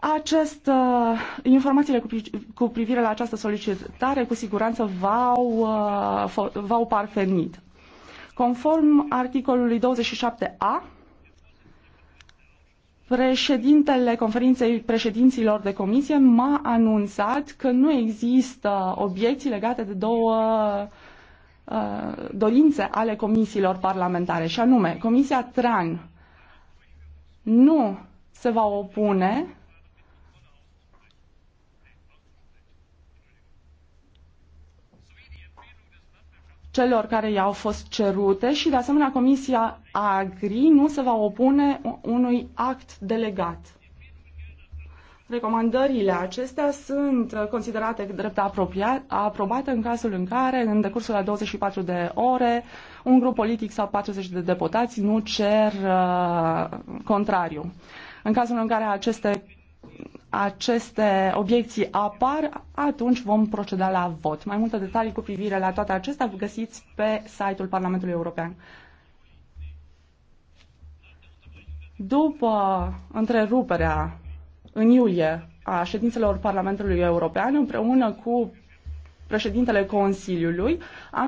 Acest, uh, informațiile cu, privire la această solicitare cu siguranță v-au, uh, v-au parvenit. Conform articolului 27a, președintele conferinței președinților de comisie m-a anunțat că nu există obiecții legate de două uh, dorințe ale comisiilor parlamentare, și anume Comisia TRAN nu se va opune celor care i-au fost cerute și, de asemenea, Comisia Agri nu se va opune unui act delegat. Recomandările acestea sunt considerate drept aprobate în cazul în care, în decursul a 24 de ore, un grup politic sau 40 de deputați nu cer uh, contrariu. În cazul în care aceste aceste obiecții apar, atunci vom proceda la vot. Mai multe detalii cu privire la toate acestea vă găsiți pe site-ul Parlamentului European. După întreruperea în iulie a ședințelor Parlamentului European, împreună cu președintele Consiliului,